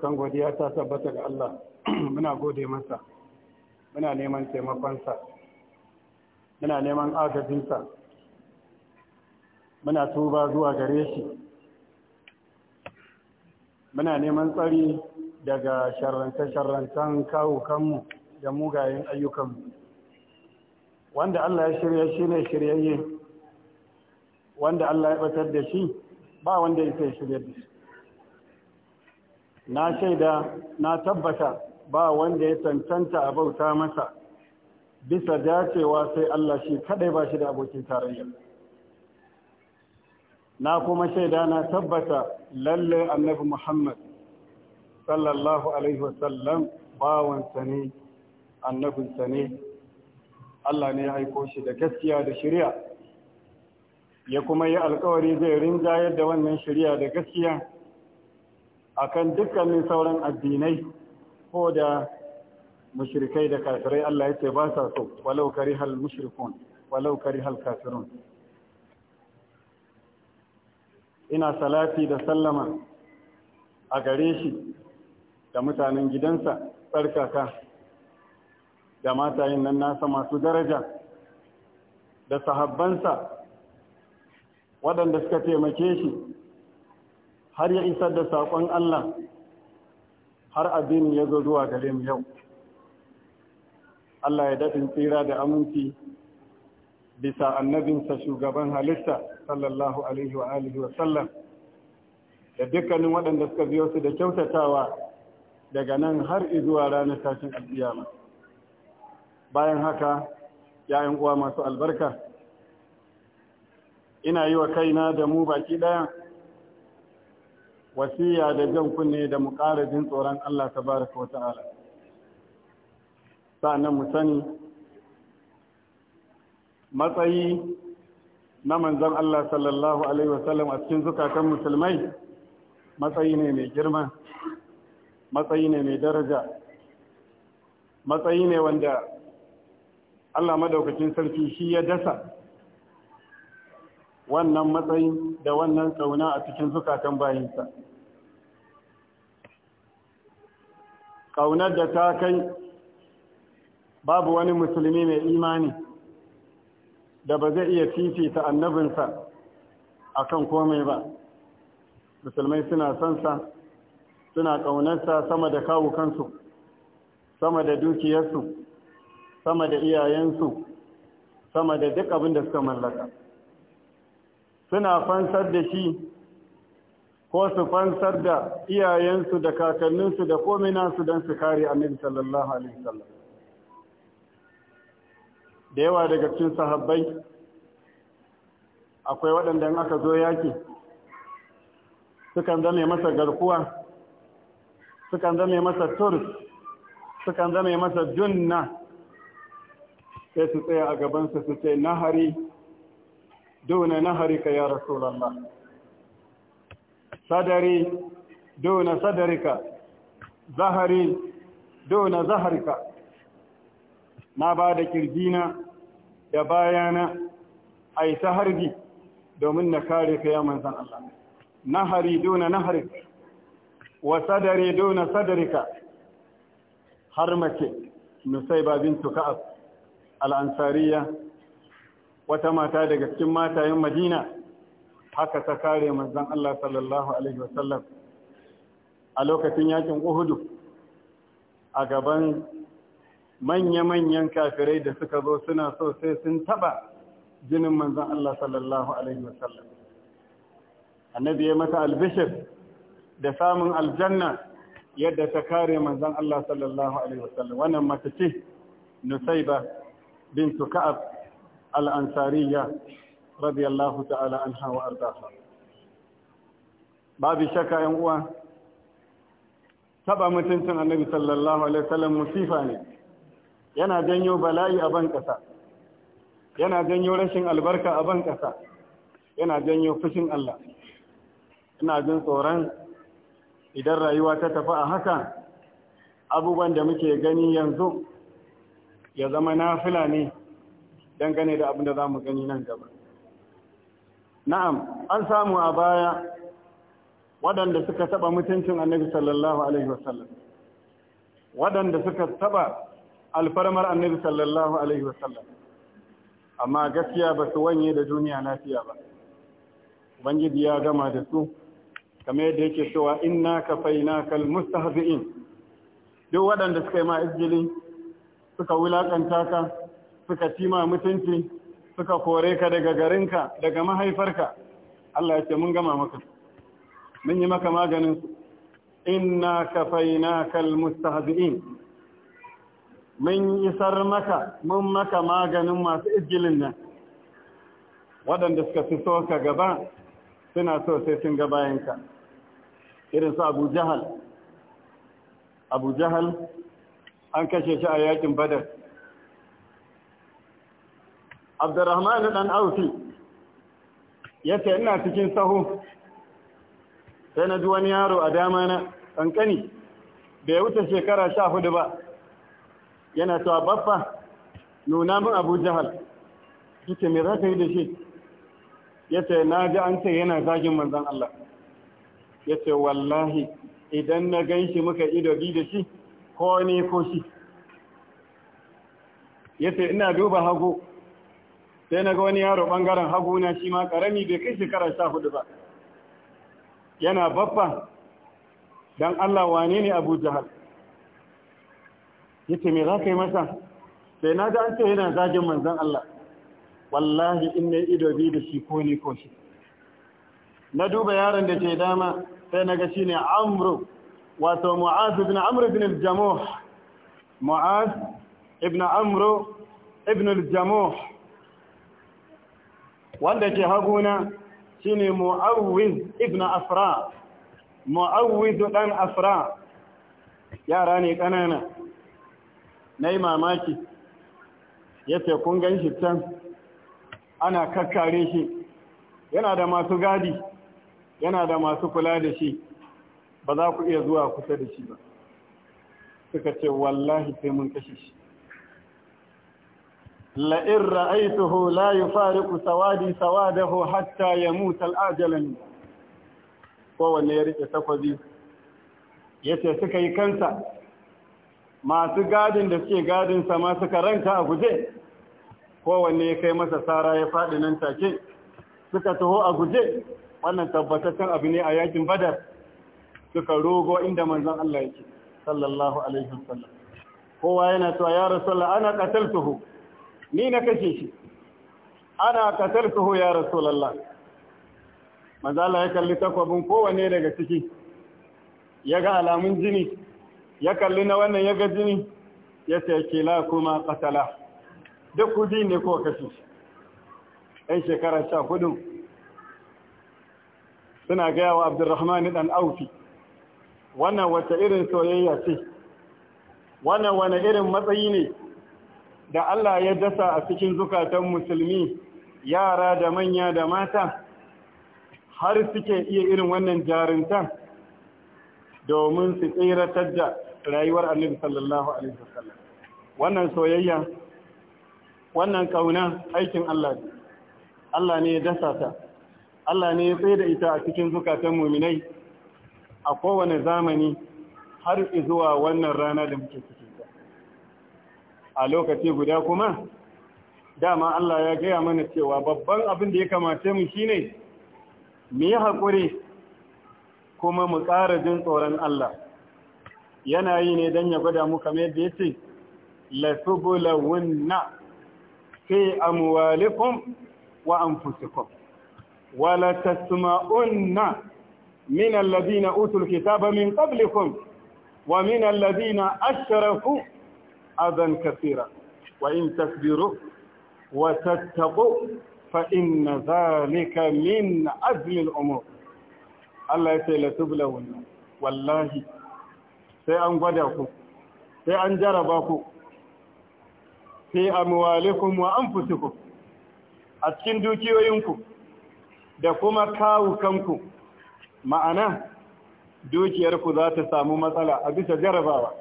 dukkan godiya ta tabbata ga Allah muna gode masa muna neman taimakonsa muna neman agajinsa muna tuba zuwa gare shi muna neman tsari daga sharrantar-sharrantar kawukanmu da mugayen ayyukanmu wanda Allah ya shirya shi ne shiryayye wanda Allah ya batar da shi ba wanda ya shirya da shi na shaida na tabbata ba wanda ya tantanta a bauta masa bisa dacewa sai Allah shi kadai ba shi da abokin tarayya na kuma shaida na tabbata lalle annabi Muhammad sallallahu alaihi wasallam bawansa ne annabinsa ne Allah ne ya aiko shi da gaskiya da shari'a ya kuma yi alkawari zai rinjayar da wannan shari'a da gaskiya akan dukkanin sauran addinai ko da mushrikai da kafirai Allah ya ce ba sa so walau karihal mushrikun walau karihal kafirun ina salati da sallama a gare shi da mutanen gidansa tsarkaka da matayin nan nasa masu daraja da sahabbansa waɗanda suka taimake shi har ya isar da saƙon Allah har abin ya zo zuwa gare mu yau Allah ya daɗin tsira da aminci bisa annabinsa shugaban halitta sallallahu alaihi wa alihi wa sallam da dukkanin waɗanda suka biyo su da kyautatawa daga nan har izuwa ranar tashin alƙiyama bayan haka yayin uwa masu albarka ina yi wa kaina da mu baki ɗaya wasiya da jan kunne da mu ƙara jin tsoron Allah Ta baraka wa ta'ala sa'annan mu sani matsayi na manzon Allah sallallahu alaihi wasallam a cikin zukatan musulmai matsayi ne mai girma matsayi ne mai daraja matsayi ne wanda Allah madaukakin sarki shi ya dasa wannan matsayi da wannan kauna a cikin zukatan bayinsa kaunar da ta kai babu wani musulmi mai imani da ba zai iya fifita annabinsa a kan komai ba musulmai suna sansa suna ƙaunarsa sama da kawo kansu sama da dukiyarsu sama da iyayensu sama da duk abin da suka mallaka suna fansar da shi ko su fansar da iyayensu da kakanninsu da kominansu don su kare annabi sallallahu alaihi wasallam da yawa daga cikin sahabbai akwai waɗanda in aka zo yaki sukan zame masa garkuwa sukan zame masa turs sukan zame masa junna sai su tsaya a gabansa su ce nahari دون نهرك يا رسول الله صدري دون صدرك ظهري دون ظهرك ما بعد كرجينا يا بايانا أي سهرجي دومن نكارك يا من منزل الله نهري دون نهرك وصدري دون صدرك حرمك نسيبا بنت كأب الأنصارية wata mata daga cikin matayen madina haka ta kare manzon Allah sallallahu alaihi wasallam a lokacin yakin uhudu a gaban manya-manyan kafirai da suka zo suna so sai sun taba jinin manzon Allah sallallahu alaihi wasallam annabi ya mata albishir da samun aljanna yadda ta kare manzon Allah sallallahu alaihi wasallam wannan mace ce Nusaiba bintu Ka'ab al'ansariya radiyallahu ta'ala an hawa arzaha babu shaka yan uwa Taɓa mutuncin annabi sallallahu alaihi wasallam musifa ne yana janyo bala'i a ban ƙasa, yana janyo rashin albarka a ban ƙasa yana janyo fushin Allah ina jin tsoron idan rayuwa ta tafi a haka abubuwan da muke gani yanzu ya zama na ne dangane da abin da za mu gani nan gaba na'am an samu a baya waɗanda suka taɓa mutuncin annabi sallallahu alaihi wasallam waɗanda suka taɓa alfarmar annabi sallallahu alaihi wasallam amma gaskiya ba su wanye da duniya lafiya ba ubangiji ya gama da su kamar yadda yake cewa inna kafainaka almustahzi'in duk waɗanda suka yi ma suka wulakanta ka suka cima mutunci suka kore ka daga garinka daga mahaifarka Allah ya ce mun gama maka mun yi maka maganin su inna kafainaka almustahzi'in mun isar maka mun maka maganin masu ijilin nan waɗanda suka fi so ka gaba suna so sai sun ga bayanka irin su Abu Jahal Abu Jahal an kashe shi a yakin Badar abdurrahman dan aufi yace ina cikin saho sai na ji wani yaro a dama na kankani da ya wuce shekara sha hudu ba yana cewa baffa nuna min abu jahal yake me za ka yi da shi yace na ji an ce yana zagin manzon Allah yace wallahi idan na gan shi muka ido bi da shi ko ne ko shi yace ina duba hagu sai na ga wani yaro bangaren hagu na shi ma karami bai kai shekara sha hudu ba yana babba don Allah wane ne abu jahal ya ce me za ka yi masa sai na ga an ce yana zagin manzan Allah wallahi in na ido biyu da shi ko ne ko shi na duba yaron da ke dama sai na ga shi ne amru wato mu'az ibn amru ibn al-jamuh mu'az ibn amru ibn al-jamuh wanda ke haguna shine mu'awwiz ibn afra mu'awwiz dan afra yara ne kanana nayi mamaki yace kun gan shi can ana kakkare shi yana da masu gadi yana da masu kula da shi ba za ku iya zuwa kusa da shi ba suka ce wallahi sai mun kashe shi la'in ra'aituhu la yufariqu sawadi sawadahu hatta yamuta al'ajalan kowanne ya rike ya ce suka yi kansa masu gadin da suke gadin sa ma suka ranta a guje kowanne ya kai masa tsara ya faɗi nan take suka taho a guje wannan tabbataccen abu ne a yakin badar suka rogo inda manzan Allah yake sallallahu alaihi wasallam kowa yana cewa ya rasulullah ana tuhu. ni na kashe shi ana qataltuhu ya rasulallah mazala Mazala ya kalli takwabin kowane daga ciki ya ga alamun jini ya kalli na wannan ya ga jini ya ce la kuma katala duk kuji ne ko kashe shi ɗan shekara sha hudu suna gaya wa abdurrahman dan aufi wannan wata irin soyayya ce wannan wane irin matsayi ne da Allah ya dasa a cikin zukatan musulmi yara da manya da mata har suke iya irin wannan jarinta domin su tsiratar da rayuwar annabi sallallahu alaihi wasallam wannan soyayya wannan kauna aikin Allah ne Allah ne ya dasa ta Allah ne ya tsaye da ita a cikin zukatan muminai a kowane zamani har zuwa wannan rana da muke ciki a lokaci guda kuma dama Allah ya gaya mana cewa babban abin da ya kamace mu shine mu yi haƙuri kuma mu ƙara jin tsoron Allah yana yi ne don ya gwada mu kamar yadda ya ce lasubulawunna fi amwalikum wa anfusikum wala tasma'unna min alladhina utul kitaba min qablikum wa min alladhina ashraku أذى كثيرا وإن تصبروا وتتقوا فإن ذلك من أجل الأمور Allah ya ce la tubla wannan wallahi sai an gwada ku sai an jaraba ku sai amwalikum wa anfusikum a cikin dukiyoyinku da kuma kawukanku ma'ana dukiyarku za ta samu matsala a bisa jarabawa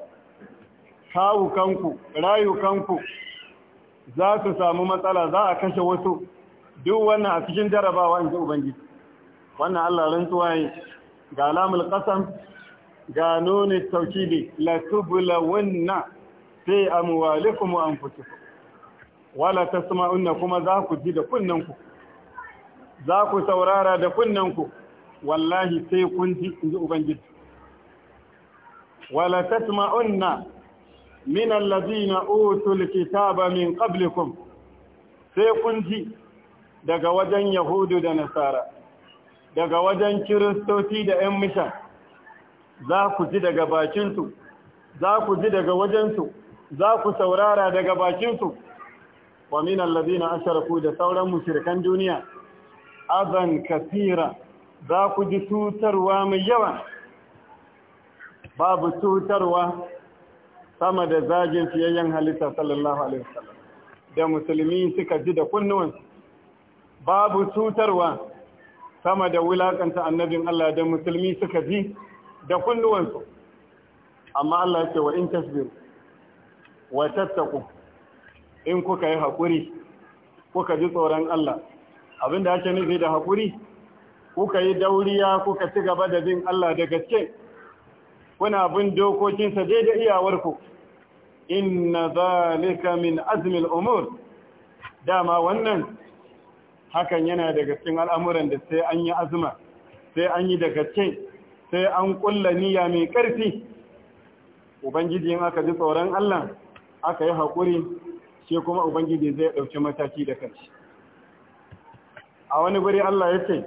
kawukanku rayukanku za su samu matsala za a kashe wasu duk wannan a cikin jarabawa in ji ubangiji wannan Allah rantsuwa ne ga alamul qasam ga nuni tawkidi la tublawunna fi amwalikum wa anfusikum wala tasma'unna kuma za ku ji da kunnanku za ku saurara da kunnanku wallahi sai kun ji in ji ubangiji wala tasma'unna min allazina utul kitaba min qablikum sai kun ji daga wajen yahudu da nasara daga wajen kiristoci da ‘yan misha za ku ji daga bakinsu za ku ji daga wajensu za ku saurara daga bakinsu wa min allazina asharaku da sauran mushrikan duniya azan kasira za ku ji tutarwa mai yawa babu tutarwa sama da zagin fiyayyen halitta sallallahu alaihi wasallam da musulmi suka ji da kunnuwan babu cutarwa sama da wulakanta annabin Allah da musulmi suka ji da su amma Allah ya ce wa in tasbir wa tattaku in kuka yi hakuri kuka ji tsoron Allah abinda ake nufi da hakuri, kuka yi dauriya kuka ci gaba da bin Allah da gaske kuna bin dokokinsa daidai iyawarku inna zalika min azmil umur dama wannan hakan yana daga cikin al'amuran da sai an yi azuma sai an yi daga cikin sai an kulla niyya mai ƙarfi ubangiji in aka ji tsoron Allah aka yi haƙuri shi kuma ubangiji zai ɗauki mataki da kanshi a wani guri Allah ya ce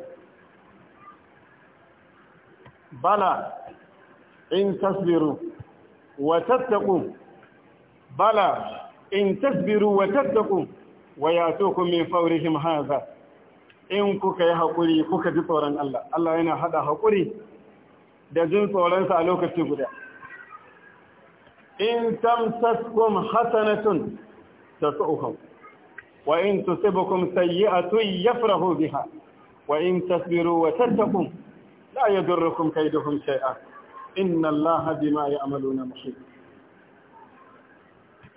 bala in tasbiru wa tattaqu bala in tasbiru wa tattaqu wa yatukum min fawrihim hadha in kuka yi hakuri kuka ji tsoron Allah Allah yana hada hakuri da jin tsoron sa a lokaci guda in tamsaskum hasanatun tasuhum wa in tusibukum sayyi'atun yafrahu biha wa in tasbiru wa tattaqu la yadurrukum kayduhum shay'a إن الله بما يعملون محيط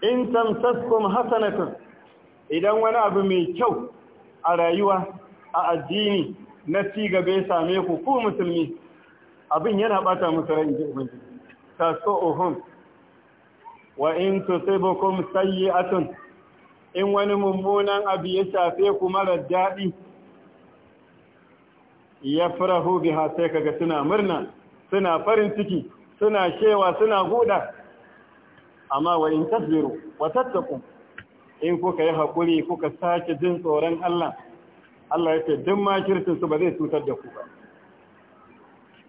in tamtaskum hasanatun idan wani abu mai kyau a rayuwa a addini na ci gaba ya same ku ku musulmi abin yana bata musu ran ji ubangiji tasohum wa in tusibukum sayyi'atun in wani mummunan abu ya shafe ku mara daɗi Ya yafrahu biha sai kaga suna murna suna farin ciki suna shewa suna guda amma wa in tasbiru wa tattaku in kuka yi hakuri kuka sake jin tsoron Allah Allah ya ce duk makircin su ba zai cutar da ku ba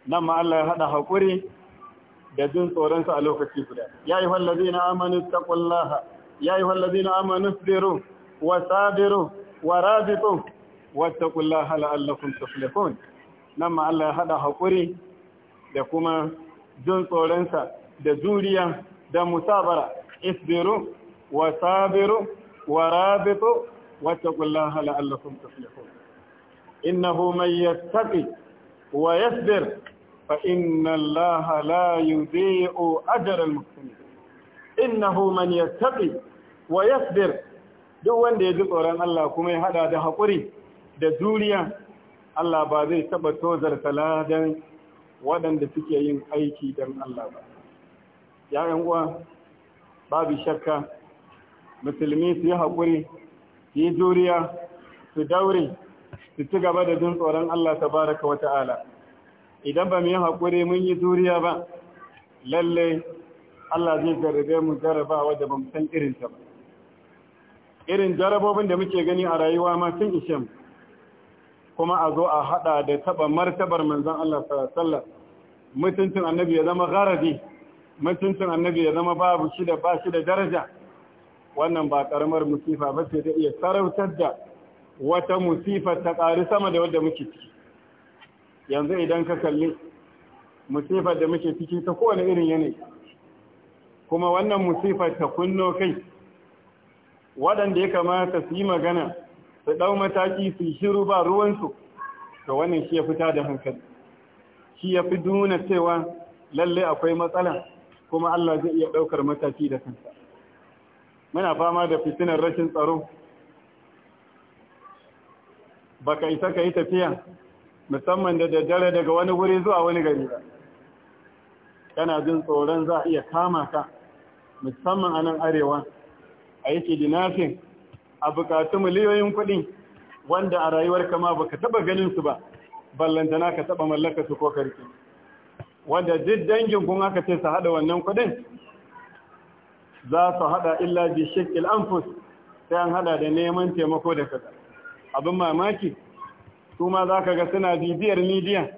nan ma Allah ya hada hakuri da jin tsoron sa a lokaci guda ya yi wallazina amanu taqullaha ya yi wallazina amanu tasbiru wa sabiru wa rabitu taqullaha la'allakum tuflihun nan ma Allah ya hada hakuri da kuma jin tsoronsa da juriya da musabara isbiru wa sabiru wa rabitu wattaqullaha la'allakum tuflihun innahu man yattaqi wa yasbir fa inna allaha la yudhi'u ajra al-muhsinin innahu man yattaqi wa yasbir duk wanda ya ji tsoron Allah kuma ya hada da haƙuri da juriya Allah ba zai taba tozarta ladan waɗanda suke yin aiki don Allah ba. ‘Ya'yan uwa, babu shakka, musulmi su yi haƙuri, su yi juriya, su daure, su ci gaba da jin tsoron Allah ta baraka wata'ala. Idan ba mu yi haƙuri mun yi juriya ba, lalle Allah zai jarabe mu jarabawa da ba mu san irinta ba. Irin jarabobin da muke gani a rayuwa ma sun ishe mu. kuma a zo a hada da taba martabar manzon Allah sallallahu mutuncin annabi ya zama garabi mutuncin annabi ya zama babu shi ba shi da daraja wannan ba karamar musifa ba sai ta iya sarautar da wata musifa ta ƙari sama da wadda muke ciki yanzu idan ka kalli musifar da muke ciki ta kowane irin yanayi kuma wannan musifar ta kunno kai waɗanda ya kamata su yi magana su ɗau mataki su shiru ba ruwansu to wannan shi ya fita da hankali shi ya fi duna cewa lalle akwai matsala kuma Allah zai iya ɗaukar mataki da kansa muna fama da fitinar rashin tsaro baka isa ka yi tafiya musamman da daddare daga wani wuri zuwa wani gari ba kana jin tsoron za a iya kama ka musamman a nan arewa a yake dinafin a bukatu miliyoyin kuɗi wanda a rayuwar kama baka taba ganin su ba ballantana ka taba mallaka su ko karki wanda duk dangin kun aka ce su hada wannan kuɗin za su hada illa bi shakil anfus sai an hada da neman taimako da kaza abin mamaki kuma za ka ga suna bibiyar midiya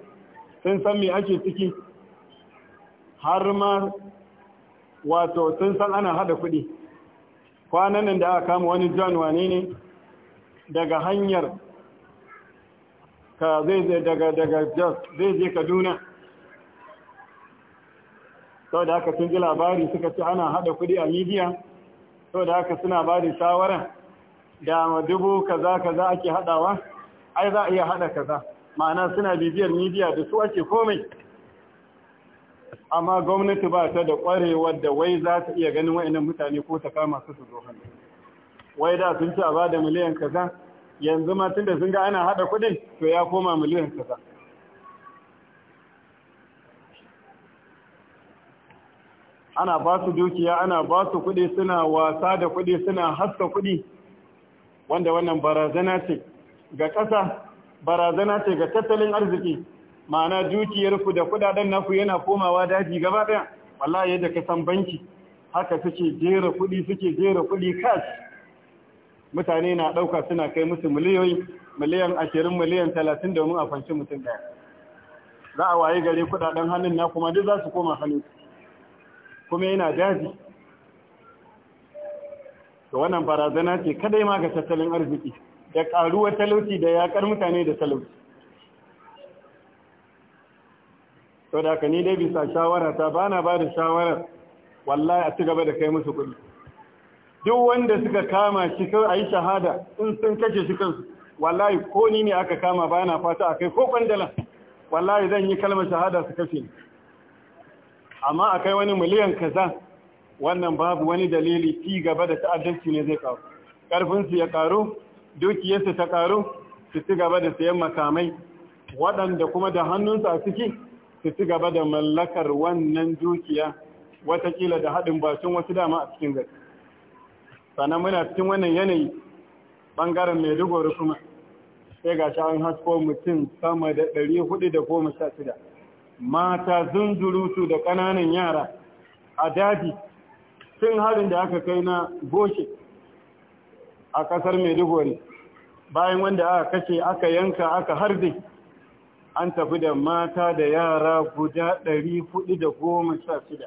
sun san me ake ciki har ma wato sun san ana hada kuɗi kwanan nan da aka kama wani john wane ne daga hanyar ka zai zai daga daga zai je kaduna sau da aka sun labari suka ci ana hada kudi a midiya sau da aka suna ba da shawara da dubu kaza kaza ake hadawa ai za a iya hada kaza ma'ana suna bibiyar midiya da su ake komai amma gwamnati ba ta da ƙwarewar da wai za ta iya ganin wa'annan mutane ko ta kama su su zo hannu wai da sun ci a ba miliyan kaza yanzu ma tun da sun ga ana haɗa kuɗin to ya koma miliyan kaza ana ba su dukiya ana ba su kuɗi suna wasa da kuɗi suna haska kuɗi wanda wannan barazana ce ga ƙasa barazana ce ga tattalin arziki ma'ana dukiyarku da kudaden naku yana komawa daji gaba daya wallahi yadda ka san banki haka suke jera kudi suke jera kudi cash mutane na dauka suna kai musu miliyoyi miliyan 20 miliyan 30 domin a fanci mutum daya za a waye gare kudaden hannun na kuma duk za su koma hannu kuma yana daji to wannan barazana ce kadai ma ga tattalin arziki da karuwar talauci da yakar mutane da talauci to da aka ni dai bisa shawara ta ba na ba da shawara. wallahi a ci gaba da kai musu kuɗi duk wanda suka kama shi a yi shahada in sun kashe shi kansu wallahi ko ni ne aka kama ba na fata a kai ko kwandala. wallahi zan yi kalmar shahada su kashe ni amma a kai wani miliyan kaza wannan babu wani dalili ci gaba da ta'addanci ne zai kawo ƙarfinsu ya ƙaru dukiyarsu ta ƙaru su ci gaba da sayan makamai waɗanda kuma da hannunsa a ciki su ci gaba da mallakar wannan dukiya watakila da haɗin bakin wasu dama a cikin gari sannan muna cikin wannan yanayi ɓangaren maiduguri kuma sai ga shi an hasko mutum sama da ɗari hudu da goma sha shida mata zunzurutu da ƙananan yara a daji tun harin da aka kai na goshe a ƙasar maiduguri bayan wanda aka kashe aka yanka aka harbe an tafi da mata da yara guda ɗari da goma sha shida.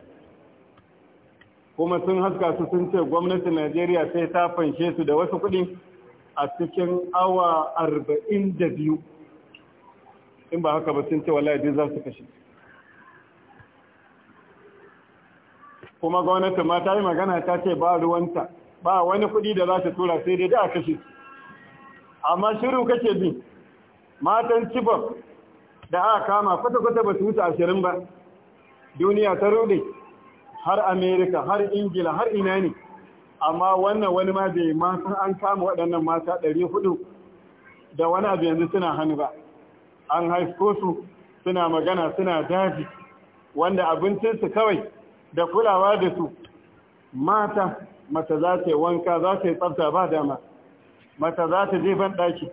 kuma sun haska su sun ce gwamnatin najeriya sai ta fanshe su da wasu kuɗi a cikin awa arba'in da biyu. in ba haka ba sun ce wallahi duk za su kashe kuma gwamnatin ma ta yi magana ta ce ba ruwanta ba wani kuɗi da za su tura sai dai da a kashe amma shiru kake bi matan cibon da aka kama kwata-kwata ba su wuce ashirin ba duniya ta rude har amerika har ingila har ina ne amma wannan wani ma bai ma sun an kama waɗannan mata ɗari da wani abu yanzu suna hannu ba an haifko su suna magana suna daji wanda abincinsu kawai da kulawa da su mata mata za ta yi wanka za ta yi tsafta ba dama mata za ta je ɗaki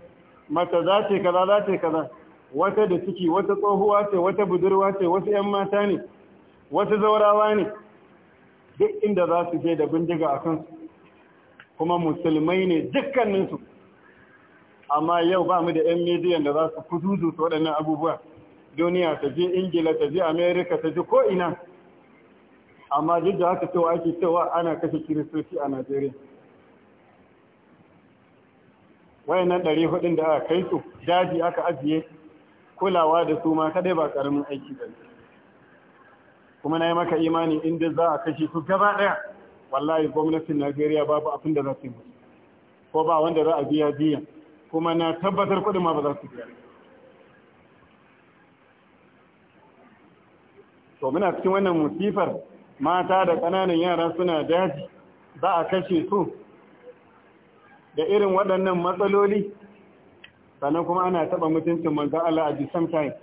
mata za ta yi kaza za ta yi kaza wata da ciki wata tsohuwa ce wata budurwa ce wasu 'yan mata ne wasu zaurawa ne duk inda za su je da bindiga a kansu kuma musulmai ne dukkaninsu amma yau ba mu da 'yan midiyan da za su kududu su waɗannan abubuwa duniya ta je ingila ta je amerika ta je ko'ina amma duk da haka cewa ake cewa ana kashe kiristoci a najeriya wayannan ɗari hudun da aka kai su daji aka ajiye kulawa da su ma kadai ba karamin aiki ba kuma na yi maka imani inda za a kashe su gaba ɗaya wallahi gwamnatin najeriya babu abin da za su yi musu ko ba wanda za a biya biya kuma na tabbatar kudin ma ba za su biya to muna cikin wannan musifar mata da ƙananan yara suna daji za a kashe su da irin waɗannan matsaloli sannan kuma ana taba mutuncin manzan Allah a jisan time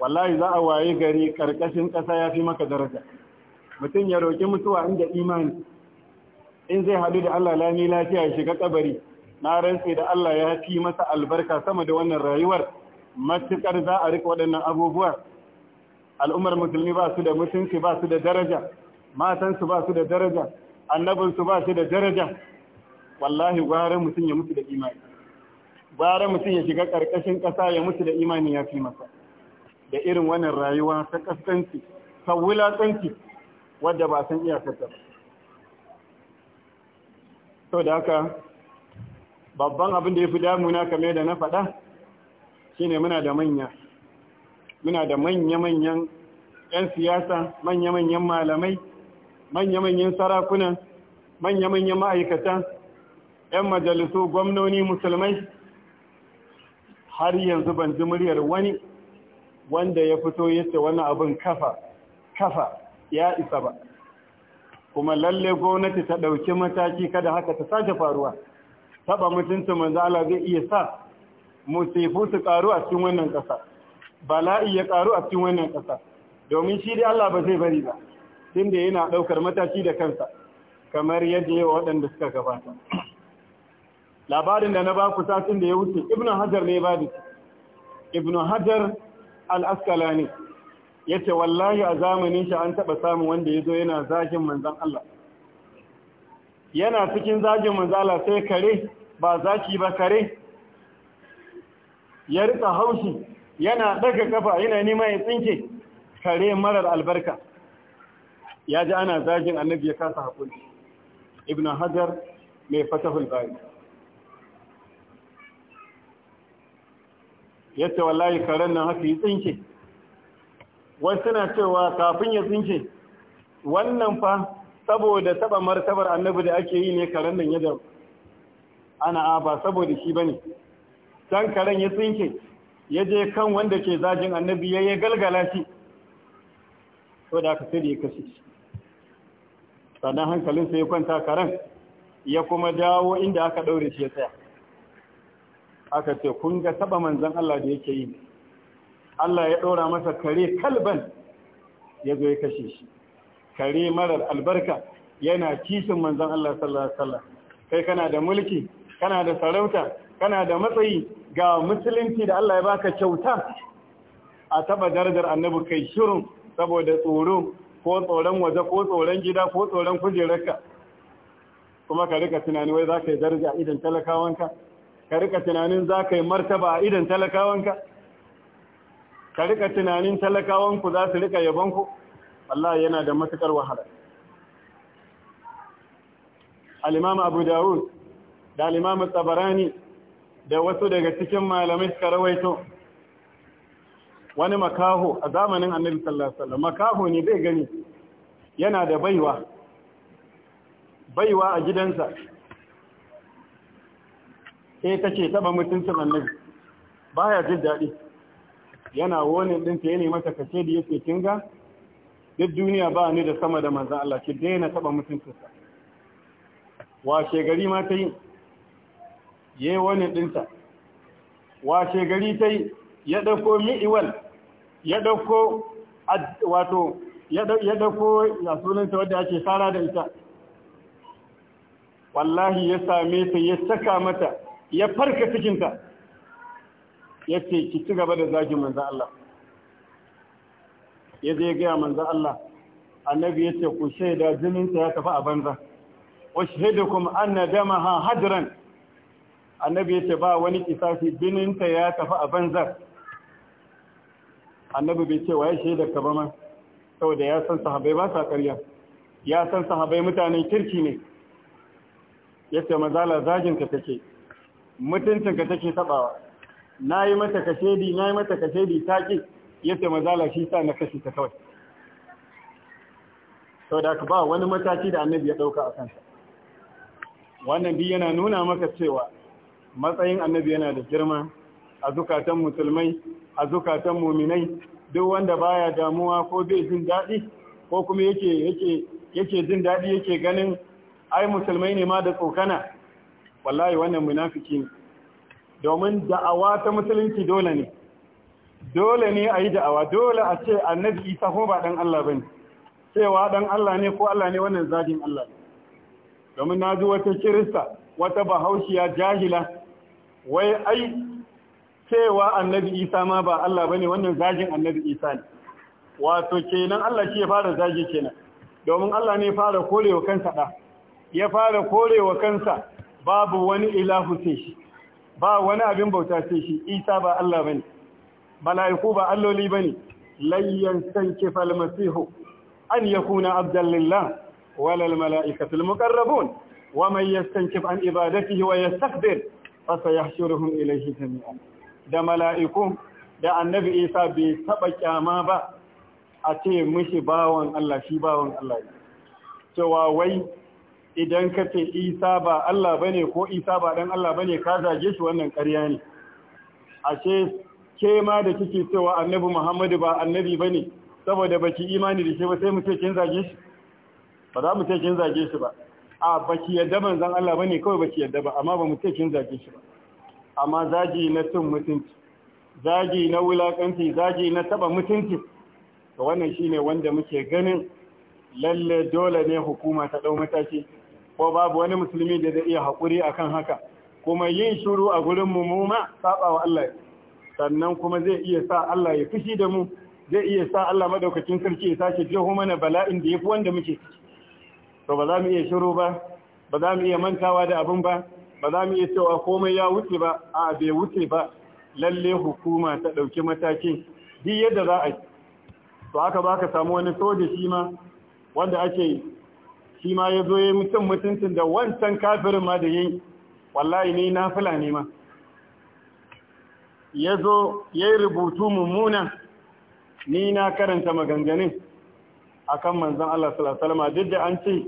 wallahi za a waye gari ƙarƙashin ƙasa ya fi maka daraja mutum ya roƙi mutuwa inda imani in zai haɗu da Allah lami lafiya ya shiga ƙabari. na rantse da Allah ya fi masa albarka sama da wannan rayuwar matuƙar za a rika waɗannan abubuwa al'ummar musulmi ba su da mutunci ba su da daraja matansu ba su da daraja annabinsu ba su da daraja wallahi gwara mutum ya mutu da imani gwara mutum ya shiga ƙarƙashin ƙasa ya mutu da imani ya fi masa da irin wannan rayuwa ta ƙasƙanci ta wulaƙanci wadda ba san iyakarta ba so da haka babban abin da ya fi damuna kamar da na faɗa shine muna da manya muna da manya-manyan 'yan siyasa manya-manyan malamai manya-manyan sarakuna manya-manyan ma'aikata 'yan majalisu gwamnoni musulmai har yanzu ban ji muryar wani wanda ya fito ya yace wani abin kafa kafa ya isa ba kuma lalle gwamnati ta ɗauki mataki kada haka ta sake faruwa taba mutuncin manzala zai iya sa musifu su karu a cikin wannan ƙasa bala'i ya karu a cikin wannan ƙasa domin shi dai Allah ba zai bari ba tunda yana ɗaukar mataki da kansa kamar yadda yawa waɗanda suka gabata labarin da na ba ku satin da ya wuce ibn hajar ne ba da ibn hajar al-askalani yace wallahi a zamanin shi an taba samun wanda ya zo yana zagin manzon Allah yana cikin zagin manzon Allah sai kare ba zaki ba kare ya rika haushi yana daga kafa yana nima ya tsinke kare marar albarka ya ji ana zagin annabi ya kasa hakuri ibn hajar mai fatahul bayan ya ce wallahi karen nan haka yi tsinke wasu na cewa kafin ya tsinke wannan fa saboda taba martabar annabi da ake yi ne karen nan ya da ana a ba saboda shi bane dan karen ya tsinke ya je kan wanda ke zajin annabi ya yi galgala shi to da aka sai ya kashe shi sannan hankalinsa ya kwanta karen ya kuma dawo inda aka daure shi ya tsaya aka ce kun ga saba manzan Allah da yake yi Allah ya ɗora masa kare kalban ya zo ya kashe shi kare marar albarka yana kishin manzan Allah sallallahu alaihi wasallam kai kana da mulki kana da sarauta kana da matsayi ga musulunci da Allah ya baka kyauta a taba darajar annabi kai shirin saboda tsoro ko tsoron waje ko tsoron gida ko tsoron kujerarka kuma ka rika tunani wai za ka yi daraja idan talakawanka ka rika tunanin za ka yi martaba a idan talakawanka ka rika tunanin talakawanku za su rika yabonku Allah yana da matukar wahala al-imam abu dawud da al Tsabarani da wasu daga cikin malamai suka rawaito wani makaho a zamanin annabi sallallahu makaho ne bai gani yana da baiwa baiwa a gidansa sai ta ce taba mutuncin annabi baya jin daɗi yana wani ɗinta ya nema mata kashe da yake kinga? duk duniya ba ni da sama da manzan Allah ki daina taba mutuncinsa washe gari ma ta yi ya yi wani ɗinta washe gari ta yi ya ɗauko mi'iwal ya ɗauko wato ya ɗauko ya sunanta wadda ake tsara da ita wallahi ya same ta ya saka mata ya farka cikinta ya ce ki ci gaba da zagin manzan Allah ya zai gaya manzan Allah annabi ya ce ku shaida jininta ya tafi a banza wa na anna damaha hadran annabi ya ce ba wani kisafi jininta ya tafi a banza annabi bai ce waye shaidar ka ba ma saboda ya san sahabbai ba sa ƙarya ya san sahabbai mutanen kirki ne ya ce mazala zaginka take mutuncinka take tabawa na yi mata kashedi na yi mata kashedi ta ki yadda mazala shi sa na kashe ta kawai sau da ka ba wani mataki da annabi ya ɗauka a kansa wannan biyu yana nuna maka cewa matsayin annabi yana da girma a zukatan musulmai a zukatan muminai duk wanda baya damuwa ko bai jin daɗi ko kuma yake jin daɗi yake ganin ai musulmai ne ma da tsokana wallahi wannan munafiki ne domin da'awa ta musulunci dole ne dole ne a yi da'awa dole a ce annabi isa ko ba dan Allah bane cewa dan Allah ne ko Allah ne wannan zadin Allah ne domin na ji wata kirista wata bahaushiya jahila wai ai cewa annabi isa ma ba Allah bane wannan zagin annabi isa ne wato kenan Allah shi ya fara zagi kenan domin Allah ne fara korewa kansa da ya fara korewa kansa babu wani ilahu sai shi ba wani abin bauta sai shi isa ba Allah bane mala'iku ba alloli bane layyan sankifa Masihu. an yakuna abdan lillah wala almala'ikatu almuqarrabun ومن يستنكف عن عبادته ويستكبر فسيحشرهم إليه جميعا da mala'iku da annabi isa bai taɓa kyama ba a ce mishi bawan Allah shi bawan Allah cewa wai idan ka ce isa ba Allah bane ko isa ba dan Allah bane ka zage shi wannan ƙarya ne ashe ke ma da kike cewa annabi Muhammadu ba annabi ba ne saboda baki imani da shi ba sai mu ce kin zage shi ba za mu ce kin zage shi ba a baki yadda manzon Allah bane kawai baki yadda ba amma ba mu ce kin zage shi ba amma zagi na cin mutunci zagi na wulakanci zagi na taba mutunci to wannan shine wanda muke ganin lalle dole ne hukuma ta dau mataki ko babu wani musulmi da zai iya haƙuri kan haka kuma yin shuru a gurin mu ma saba wa Allah sannan kuma zai iya sa Allah ya fushi da mu zai iya sa Allah madaukakin sarki ya sace jeho mana bala'in da yafi wanda muke to ba za mu iya shuru ba ba za mu iya mantawa da abin ba ba za mu iya cewa komai ya wuce ba a bai wuce ba lalle hukuma ta ɗauki matakin duk yadda za a yi to haka baka samu wani so da shi ma wanda ake shi ma ya zo ya yi mutum mutuncin da wancan kafirin ma da yi wallahi ne na fula ne ma ya zo ya yi rubutu mummuna ni na karanta maganganun a kan manzan Allah salama duk da an ce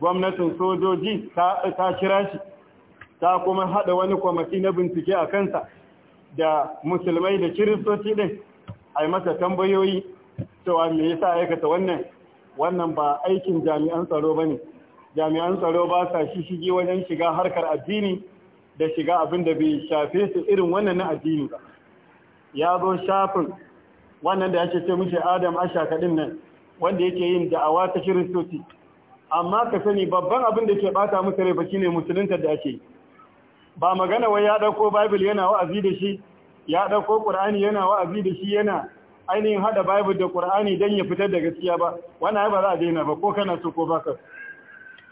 gwamnatin sojoji ta kira shi ta kuma haɗa wani kwamati na bincike a kansa da musulmai da kiristoci ɗin a yi masa tambayoyi cewa me yasa aikata wannan wannan ba aikin jami'an tsaro ba ne jami'an tsaro ba sa shige wajen shiga harkar addini da shiga abin da bai shafe su irin wannan na addini ba ya zo shafin wannan da ya ce mishi adam a shakadin nan wanda yake yin da'awa ta kiristoci amma ka sani babban abin da ke bata musu rai shine musulunta da ake ba magana wai ya dauko bible yana wa'azi da shi ya dauko qur'ani yana wa'azi da shi yana ainihin hada bible da qur'ani dan ya fitar da gaskiya ba wannan ba za a daina ba ko kana so ko baka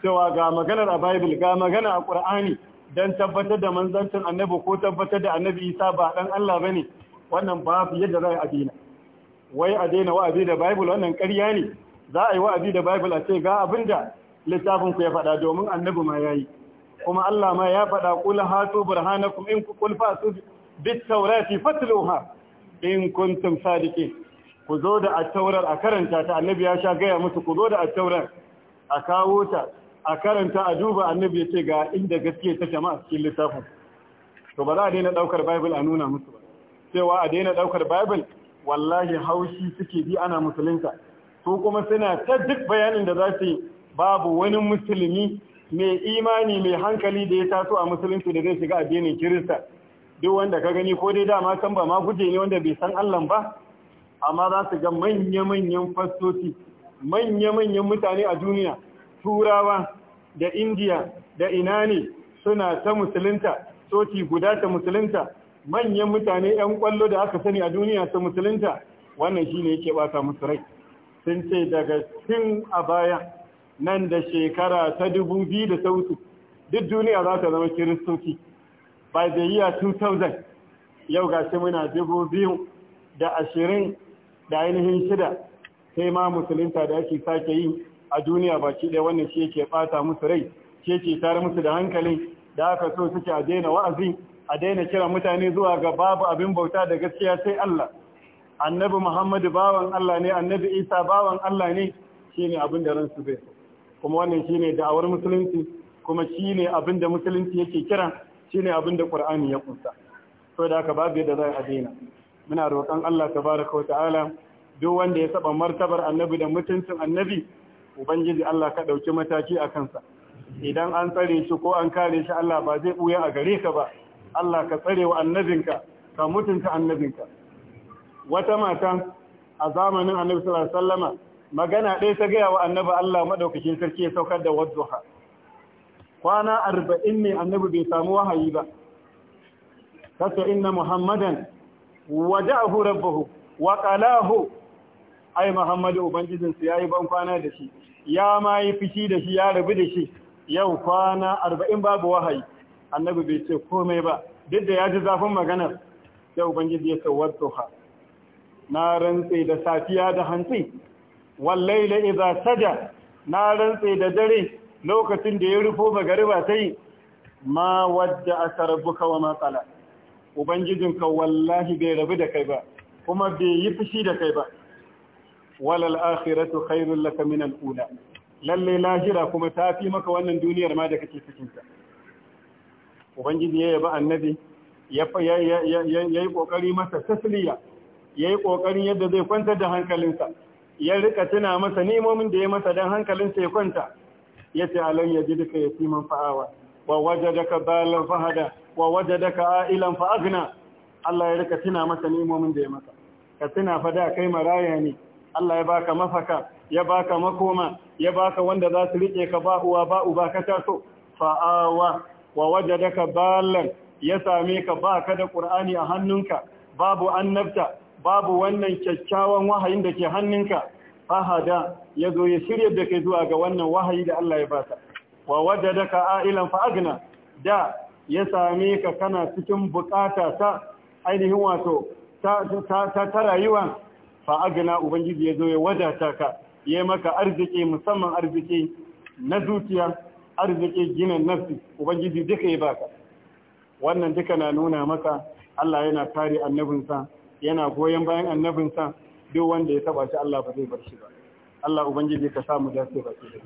cewa ga maganar a bible ga magana a qur'ani dan tabbatar da manzancin annabi ko tabbatar da annabi Isa ba dan Allah bane wannan babu yadda za a daina wai a daina wa'azi da bible wannan ƙarya ne za a yi wa'azi da bible a ce ga abinda littafin ku ya faɗa domin annabi ma yayi kuma Allah ma ya faɗa kul hatu burhanakum in ku kulfa su bit tawrati fatluha in kuntum sadiqin ku zo da attaurar a karanta ta annabi ya sha gaya musu ku zo da attaurar a kawo ta a karanta a duba annabi ya ce ga inda gaskiya ta jama'a cikin littafin to ba za a daina daukar bible a nuna musu ba cewa a daina daukar bible wallahi haushi suke bi ana musulunta su kuma suna ta duk bayanin da za su yi babu wani musulmi mai imani mai hankali da ya taso a musulunci da zai shiga addinin kirista duk wanda ka gani ko dai dama kan ba ma guje ne wanda bai san Allah ba amma za su ga manya-manyan fastoci manya-manyan mutane a duniya turawa da indiya da ina ne suna ta musulunta soci guda ta musulunta manyan mutane 'yan kwallo da aka sani a duniya ta musulunta wannan shi ne yake bata musu rai sun ce daga cin a baya nan da shekara ta dubu biyu da sautu duk duniya za ta zama kiristoci by the year 2000 yau ga shi muna dubu biyu da ashirin da ainihin shida sai ma musulunta da ake sake yi a duniya baki ɗaya wannan shi yake ɓata musu rai shi ke tare musu da hankali da aka so suke a daina wa'azi a daina kira mutane zuwa ga babu abin bauta da gaskiya sai Allah annabi Muhammadu bawan Allah ne annabi Isa bawan Allah ne shine abin da ransu bai kuma wannan shine da'awar musulunci kuma shine abin da musulunci yake kira shine abin da ƙwar'ani ya kunsa sau da haka babu yadda a daina muna roƙon Allah ta tabaraka wa ta'ala duk wanda ya saba martabar annabi da mutuncin annabi ubangiji Allah ka ɗauki mataki a kansa idan an tsare shi ko an kare shi Allah ba zai buya a gare ka ba Allah ka tsare wa annabinka ka mutunta annabinka wata mata a zamanin annabi sallallahu alaihi wasallama magana ɗaya ta gaya wa annaba Allah madaukakin sarki ya saukar da wadduha kwana arba'in ne annabi bai samu wahayi ba kasa inna muhammadan wada'ahu rabbahu wa qalahu ai muhammadu su yayi ban kwana da shi ya ma yi fishi da shi ya rabu da shi yau kwana arba'in babu wahayi annabi bai ce komai ba duk da ya ji zafin maganar sai ubangiji ya ha na rantse da safiya da hantsi wallaila idza saja na rantse da dare lokacin da ya rufo magariba ta yi ma wadda a sarabuka wa matsala ubangijinka wallahi bai rabu da kai ba kuma bai yi fushi da kai ba walal akhiratu khairul laka min al ula lalle lahira kuma ta fi maka wannan duniyar ma da kake cikin ta ubangiji ya yaba annabi ya yi kokari masa tasliya ya yi kokarin yadda zai kwantar da hankalinsa ya rika tuna masa nemomin da ya masa dan hankalinsa ya kwanta yace alan yajidka yatiman fa'awa wa wajadaka balan fahada wa wajadaka ailan fa'agna Allah ya rika tuna maka ni'imomin da ya maka ka tuna fa da kai maraya ne Allah ya baka mafaka ya baka makoma ya baka wanda za su rike ka ba uwa ba uba ka taso fa'awa wa wajadaka balan ya same ka ba ka da Qur'ani a hannunka babu annabta babu wannan kyakkyawan wahayin da ke hannunka fahada ya zo ya shirya da kai zuwa ga wannan wahayi da Allah ya bata wa ka ailan fa'agina da ya same ka kana cikin bukata ta ainihin wato ta ta rayuwa fa'agina ubangiji ya zo ya wadata ka ya maka arziki musamman arziki na zuciya arziki gina nafi ubangiji duka ya baka wannan duka na nuna maka Allah yana kare annabinsa yana goyon bayan annabinsa duk wanda ya taba shi Allah ba zai bar shi ba Allah ubangiji ka samu dace ba ke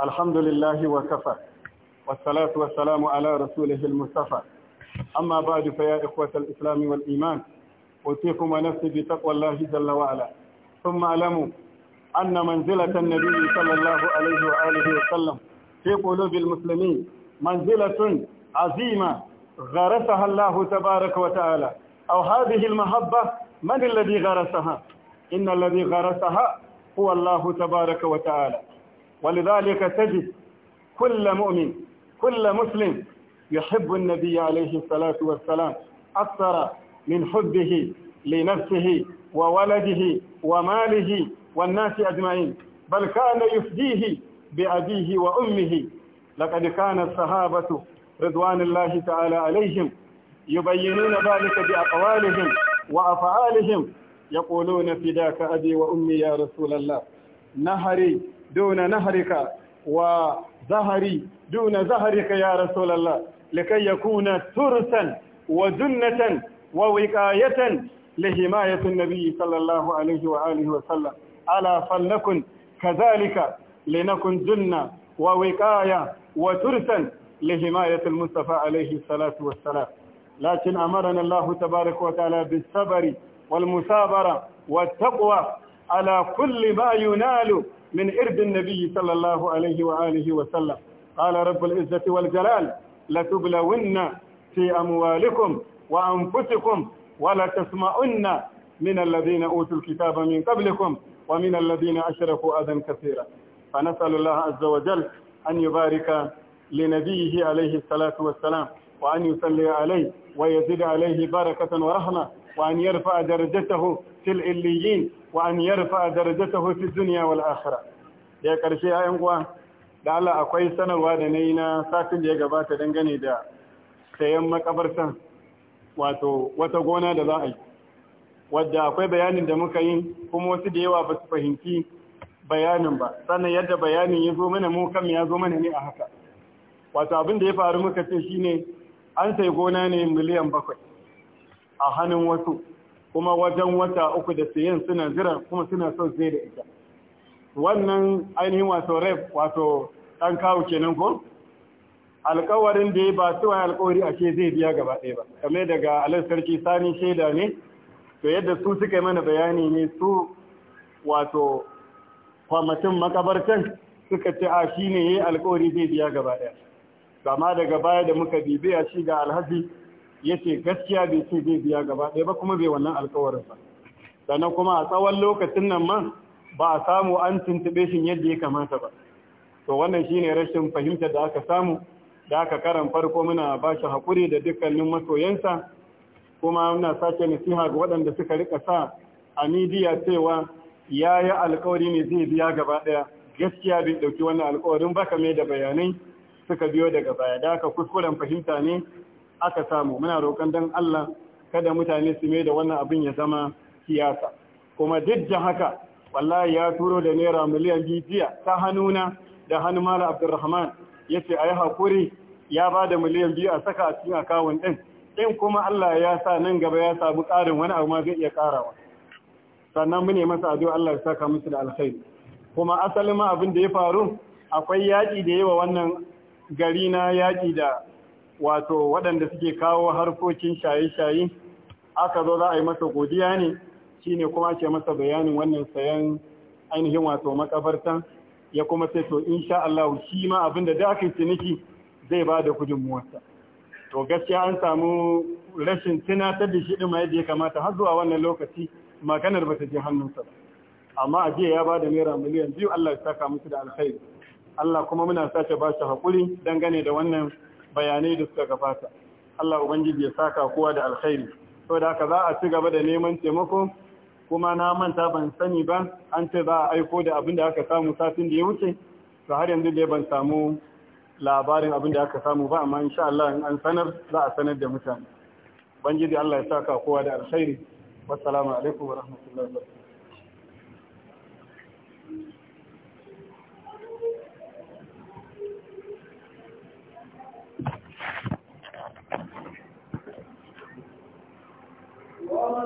Alhamdulillah wa kafa wassalatu wassalamu ala rasulih al-mustafa amma ba'du fa ya ikhwata al-islam wal iman wasiqum nafsi bi taqwallah jalla wa ala thumma alamu anna manzilatan nabiyyi sallallahu alayhi wa wa sallam fi qulubi al-muslimin منزلة عظيمة غرسها الله تبارك وتعالى أو هذه المحبة من الذي غرسها إن الذي غرسها هو الله تبارك وتعالى ولذلك تجد كل مؤمن كل مسلم يحب النبي عليه الصلاة والسلام أكثر من حبه لنفسه وولده وماله والناس أجمعين بل كان يفديه بأبيه وأمه لقد كان الصحابة رضوان الله تعالى عليهم يبينون ذلك بأقوالهم وأفعالهم يقولون فداك أبي وأمي يا رسول الله نهري دون نهرك وزهري دون زهرك يا رسول الله لكي يكون ترسا وزنة ووقاية لحماية النبي صلى الله عليه وآله وسلم ألا فلنكن كذلك لنكن زنة ووقاية وترسا لحماية المصطفى عليه الصلاة والسلام لكن أمرنا الله تبارك وتعالى بالصبر والمثابرة والتقوى على كل ما ينال من إرد النبي صلى الله عليه وآله وسلم قال رب العزة والجلال لتبلون في أموالكم وأنفسكم ولا تسمعن من الذين أوتوا الكتاب من قبلكم ومن الذين أشركوا أذى كثيرا فنسأل الله عز وجل أن يبارك لنبيه عليه الصلاة والسلام وأن يصلي عليه ويزيد عليه بركة ورحمة وأن يرفع درجته في الإليين وأن يرفع درجته في الدنيا والآخرة يا كرشي أيها da Allah akwai sanarwa da na yi na satin da ya gabata dangane da sayan makabartan wato wata gona da za a yi wadda akwai bayanin da muka yi kuma wasu da yawa ba su fahimci bayanin ba sannan yadda bayanin ya zo mana mu kam ya zo mana ne a haka wato abin da ya faru muka ce shine an sai gona ne miliyan bakwai a hannun wasu kuma wajen wata uku da sayan suna zira kuma suna son sai da ita wannan ainihin wato rep wato ɗan kawo kenan ko alkawarin da ya ba wani alkawari a zai biya gaba ɗaya ba kame daga alar sarki sani shaida ne to yadda su suka yi mana bayani ne su wato kwamatin makabartan suka ce a shi ne ya yi alkawari zai biya gaba ɗaya kama daga baya da muka bibiya shi ga alhaji ya ce gaskiya bai ce zai biya gaba ɗaya ba kuma bai wannan alkawarin ba sannan kuma a tsawon lokacin nan ma ba a samu an tuntube shi yadda ya kamata ba to wannan shine rashin fahimtar da aka samu da aka karan farko muna ba shi haƙuri da dukkanin masoyansa kuma muna sake nasiha ga waɗanda suka rika sa a midiya cewa ya yi alkawari ne zai biya gaba ɗaya gaskiya bai ɗauki wannan alkawarin ba kame da bayanai suka biyo daga baya da aka kuskuren fahimta ne aka samu muna roƙon don Allah kada mutane su mai da wannan abin ya zama siyasa kuma duk da haka wallahi ya turo da naira miliyan biyu jiya ta hannuna da hannun mala abdurrahman ya ce a yi haƙuri ya ba da miliyan biyu a saka a cikin akawun ɗin in kuma Allah ya sa nan gaba ya samu ƙarin wani abu ma zai iya ƙarawa sannan mu ne masa addu'a Allah ya saka musu da alkhairi kuma asalin ma abin da ya faru akwai yaki da yawa wannan gari na yaƙi da wato waɗanda suke kawo harkokin shaye-shaye aka zo za a yi masa godiya ne shi ne kuma ce masa bayanin wannan sayan ainihin wato makabartan ya kuma sai to insha Allah shi ma abin da aka yi ciniki zai ba da muwarsa to gaskiya an samu rashin tunatar da shi ɗin ma yadda ya kamata har zuwa wannan lokaci maganar ba ta je hannunsa ba amma a jiya ya ba da naira miliyan biyu Allah ya saka musu da alkhairi Allah kuma muna sace ba shi haƙuri dangane da wannan bayanai da suka gabata Allah ubangiji ya saka kowa da alkhairi To da haka za a ci gaba da neman taimako kuma na manta ban sani ba an ce za a aiko da abin da aka samu satin da ya wuce to har yanzu dai ban samu labarin abin da aka samu ba amma insha Allah in an sanar za a sanar da mutane ubangiji Allah ya saka kowa da alkhairi wassalamu alaikum wa rahmatullahi ọmọ